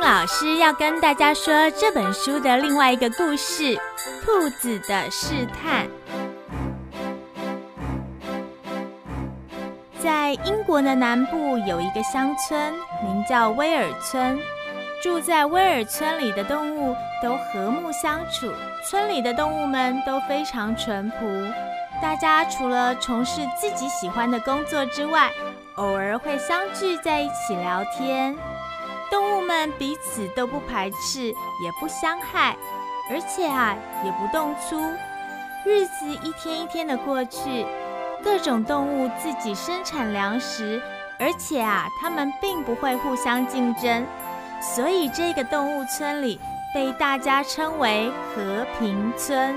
老師要跟大家說這本書的另外一個故事，兔子的試探。在英國的南部有一個鄉村，名叫威爾村。住在威爾村裡的動物都和睦相處，村裡的動物們都非常淳樸。大家除了從事自己喜歡的工作之外，偶爾會相聚在一起聊天。他們彼此都不排斥，也不相害，而且啊也不動粗。日子一天一天的過去，各種動物自己生產糧食，而且啊它們並不會互相競爭，所以這個動物村裡被大家稱為和平村。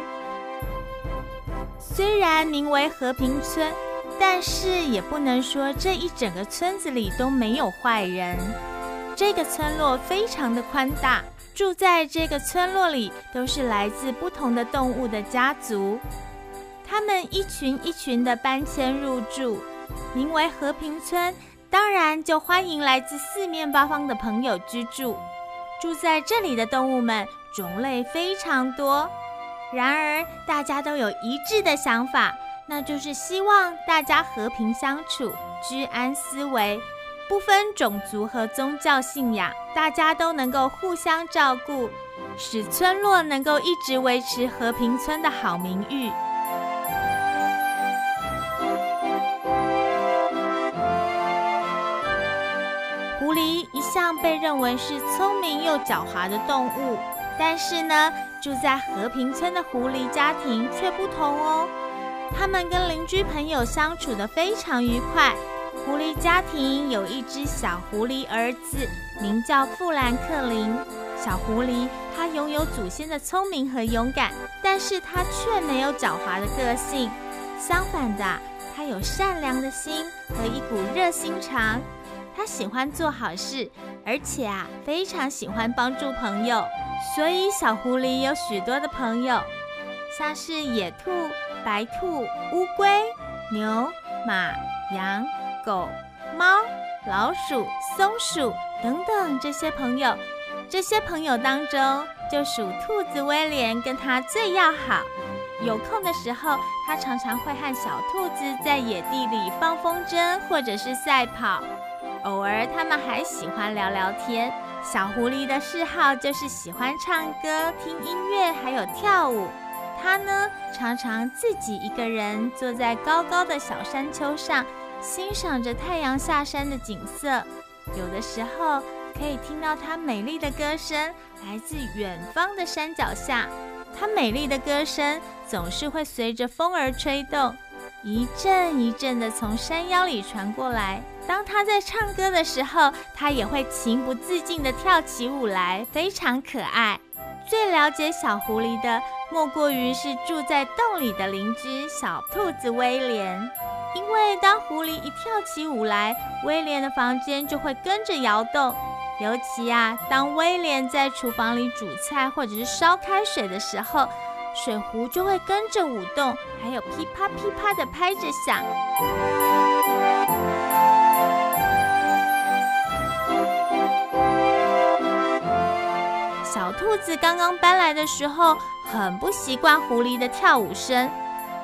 雖然名為和平村，但是也不能說這一整個村子裡都沒有壞人。這個村落非常的寬大，住在這個村落裡都是來自不同的動物的家族，他們一群一群的搬遷入住，名為和平村，當然就歡迎來自四面八方的朋友居住。住在這裡的動物們種類非常多，然而大家都有一致的想法，那就是希望大家和平相處，居安思危。不分種族和宗教信仰，大家都能夠互相照顧，使村落能夠一直維持和平村的好名譽。狐狸一向被認為是聰明又狡猾的動物，但是呢，住在和平村的狐狸家庭卻不同哦，他們跟鄰居朋友相處得非常愉快。狐狸家庭有一隻小狐狸兒子，名叫富蘭克林。小狐狸他擁有祖先的聰明和勇敢，但是他卻沒有狡猾的個性。相反的，他有善良的心和一股熱心腸。他喜歡做好事，而且啊，非常喜歡幫助朋友。所以，小狐狸有許多的朋友，像是野兔、白兔、烏龜、牛、馬、羊。狗、貓、老鼠、松鼠等等這些朋友，這些朋友當中就屬兔子威廉跟他最要好。有空的時候，他常常會和小兔子在野地裡放風箏，或者是賽跑。偶爾，他們還喜歡聊聊天。小狐狸的嗜好就是喜歡唱歌、聽音樂，還有跳舞。他呢，常常自己一個人坐在高高的小山丘上。欣賞着太陽下山的景色，有的時候可以聽到它美麗的歌聲，來自遠方的山腳下。它美麗的歌聲總是會隨着風兒吹動，一陣一陣的從山腰裡傳過來。當它在唱歌的時候，它也會情不自禁的跳起舞來，非常可愛。最了解小狐狸的，莫過於是住在洞裡的鄰居小兔子威廉。因為當狐狸一跳起舞來，威廉的房間就會跟着搖動。尤其啊，當威廉在廚房裡煮菜或者是燒開水的時候，水壺就會跟着舞動，還有噼啪噼啪地拍着響。小兔子剛剛搬來的時候，很不習慣狐狸的跳舞聲。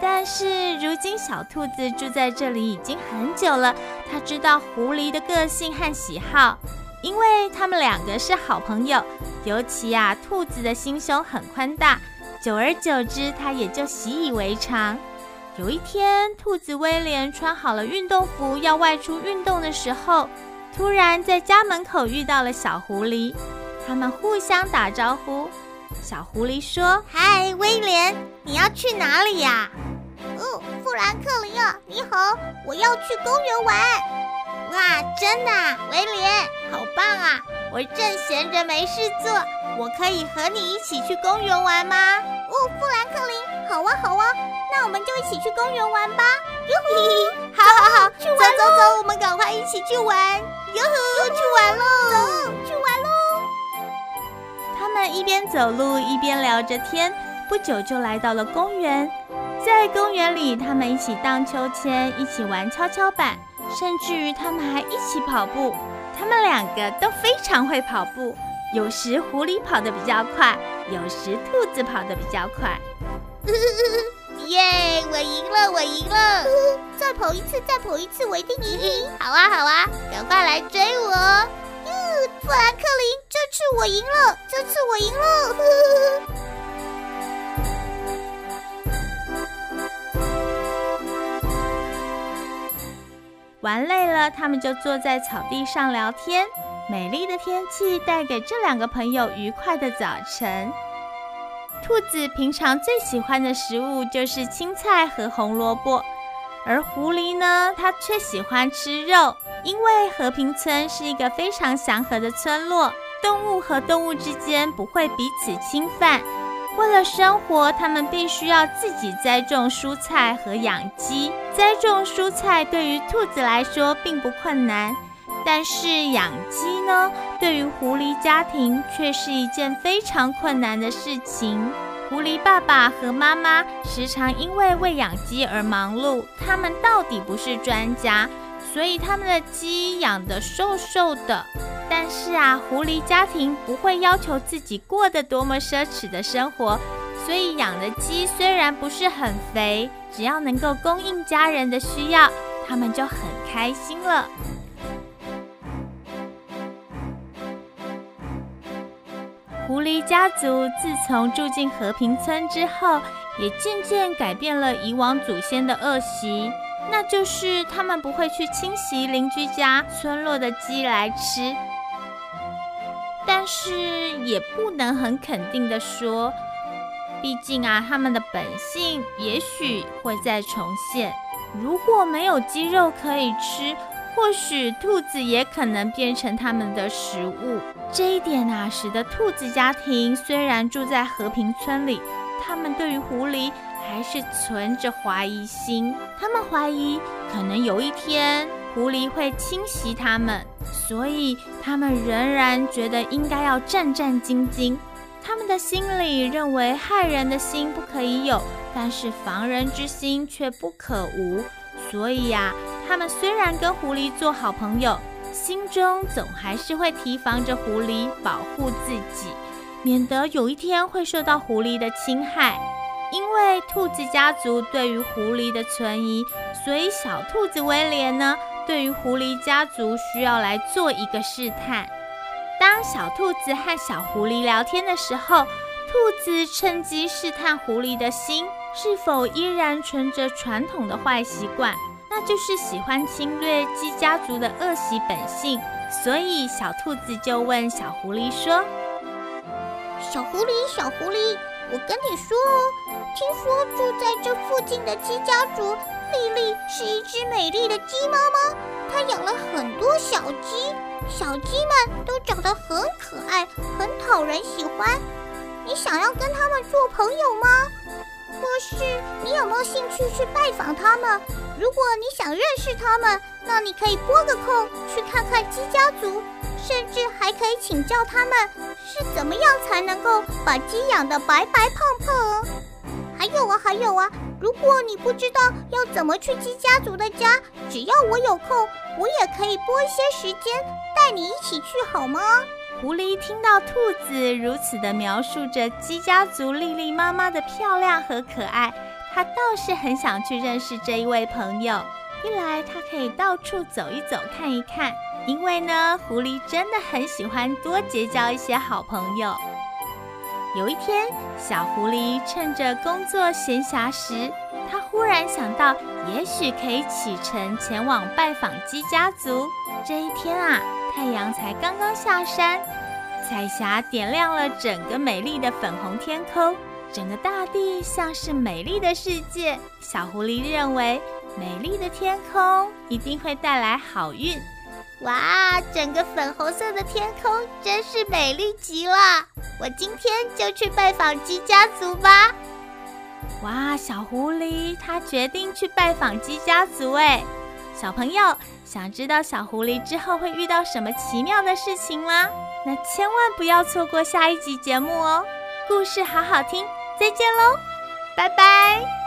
但是如今小兔子住在這裡已經很久了，它知道狐狸的個性和喜好，因為他們兩個是好朋友。尤其啊，兔子的心胸很寬大，久而久之，它也就習以為常。有一天，兔子威廉穿好了運動服要外出運動的時候，突然在家門口遇到了小狐狸，他們互相打招呼。小狐狸說：“嗨，威廉，你要去哪裡呀？”哦，富蘭克林啊、哦，你好，我要去公園玩。哇，真的、啊，威廉，好棒啊！我正閒着沒事做，我可以和你一起去公園玩嗎？哦，富蘭克林，好哇、哦、好哇、哦，那我們就一起去公園玩吧。喲呼， 好好好，好走去玩，走走走，我們趕快一起去玩。喲又去玩嘍，走去玩嘍。他們一邊走路一邊聊着天，不久就來到了公園。在公園裡，他們一起盪秋千，一起玩蹺蹺板，甚至於他們還一起跑步。他們兩個都非常會跑步，有時狐狸跑得比較快，有時兔子跑得比較快。耶、 yeah！我贏了，我贏了！ 再跑一次，再跑一次，我一定贏！ 好啊，好啊，趕快來追我！喲， 富蘭克林，這次我贏了，這次我贏了！ 玩累了，他們就坐在草地上聊天。美麗的天氣帶給這兩個朋友愉快的早晨。兔子平常最喜歡的食物就是青菜和紅蘿蔔，而狐狸呢，它卻喜歡吃肉。因為和平村是一個非常祥和的村落，動物和動物之間不會彼此侵犯。為了生活，他們必須要自己栽種蔬菜和養雞。栽種蔬菜對於兔子來說並不困難，但是養雞呢，對於狐狸家庭卻是一件非常困難的事情。狐狸爸爸和媽媽時常因為餵養雞而忙碌，他們到底不是專家，所以他們的雞養得瘦瘦的。但是啊，狐狸家庭不會要求自己過得多麼奢侈的生活，所以養的雞雖然不是很肥，只要能夠供應家人的需要，他們就很開心了。狐狸家族自從住進和平村之後，也漸漸改變了以往祖先的惡習，那就是他們不會去侵襲鄰居家村落的雞來吃。是也不能很肯定的說，畢竟啊，他們的本性也許會再重現。如果沒有雞肉可以吃，或許兔子也可能變成他們的食物。這一點啊，使得兔子家庭雖然住在和平村裡，他們對於狐狸還是存着懷疑心。他們懷疑，可能有一天。狐狸會侵襲他們，所以他們仍然覺得應該要戰戰兢兢。他們的心裡認為害人的心不可以有，但是防人之心卻不可無。所以呀，他們雖然跟狐狸做好朋友，心中總還是會提防着狐狸，保護自己，免得有一天會受到狐狸的侵害。因為兔子家族對於狐狸的存疑，所以小兔子威廉呢，對於狐狸家族需要來做一個試探。當小兔子和小狐狸聊天的時候，兔子趁機試探狐狸的心是否依然存着傳統的壞習慣，那就是喜歡侵略雞家族的惡習本性。所以小兔子就問小狐狸說：“小狐狸，小狐狸，我跟你說哦，聽說住在這附近的雞家族……”麗麗是一隻美麗的雞媽媽，她養了很多小雞，小雞們都長得很可愛，很討人喜歡。你想要跟它們做朋友嗎？或是你有沒有興趣去拜訪它們？如果你想認識它們，那你可以撥個空去看看雞家族，甚至還可以請教他們是怎麼樣才能夠把雞養得白白胖胖哦。還有啊，還有啊。如果你不知道要怎麼去雞家族的家，只要我有空，我也可以撥一些時間帶你一起去，好嗎？狐狸聽到兔子如此的描述着雞家族麗麗媽媽的漂亮和可愛，它倒是很想去認識這一位朋友。一來它可以到處走一走、看一看，因為呢，狐狸真的很喜歡多結交一些好朋友。有一天，小狐狸趁着工作閒暇時，他忽然想到，也許可以啟程前往拜訪雞家族。這一天啊，太陽才剛剛下山，彩霞點亮了整個美麗的粉紅天空，整個大地像是美麗的世界。小狐狸認為，美麗的天空一定會帶來好運。哇，整個粉紅色的天空真是美麗極了！我今天就去拜訪雞家族吧。哇，小狐狸它決定去拜訪雞家族。哎，小朋友，想知道小狐狸之後會遇到什麼奇妙的事情嗎？那千萬不要錯過下一集節目哦！故事好好聽，再見嘍，拜拜。